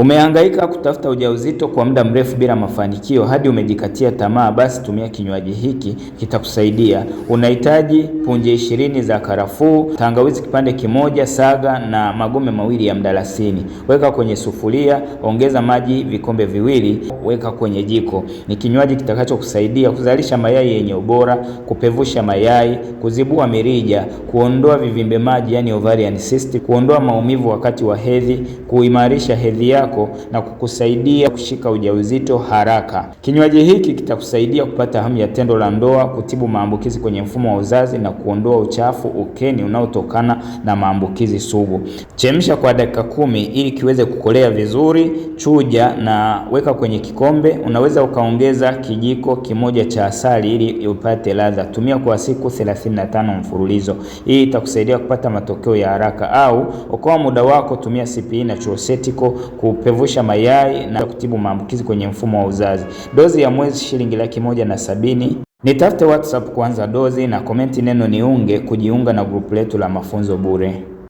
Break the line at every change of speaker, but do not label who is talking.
Umehangaika kutafuta ujauzito kwa muda mrefu bila mafanikio hadi umejikatia tamaa, basi tumia kinywaji hiki kitakusaidia. Unahitaji punje ishirini za karafuu, tangawizi kipande kimoja, saga na magome mawili ya mdalasini. Weka kwenye sufuria, ongeza maji vikombe viwili, weka kwenye jiko. Ni kinywaji kitakachokusaidia kuzalisha mayai yenye ubora, kupevusha mayai, kuzibua mirija, kuondoa vivimbe maji, yani ovarian cyst, kuondoa maumivu wakati wa hedhi, kuimarisha hedhi yako yako na kukusaidia kushika ujauzito haraka. Kinywaji hiki kitakusaidia kupata hamu ya tendo la ndoa, kutibu maambukizi kwenye mfumo wa uzazi na kuondoa uchafu ukeni unaotokana na maambukizi sugu. Chemsha kwa dakika kumi ili kiweze kukolea vizuri. Chuja na weka kwenye kikombe. Unaweza ukaongeza kijiko kimoja cha asali ili upate ladha. Tumia kwa siku 35 mfululizo. Hii itakusaidia kupata matokeo ya haraka. Au okoa muda wako, tumia CPE na chuosetico ku kupevusha mayai na kutibu maambukizi kwenye mfumo wa uzazi. Dozi ya mwezi shilingi laki moja na sabini. Nitafute WhatsApp kuanza dozi na komenti neno niunge kujiunga na grupu letu la mafunzo bure.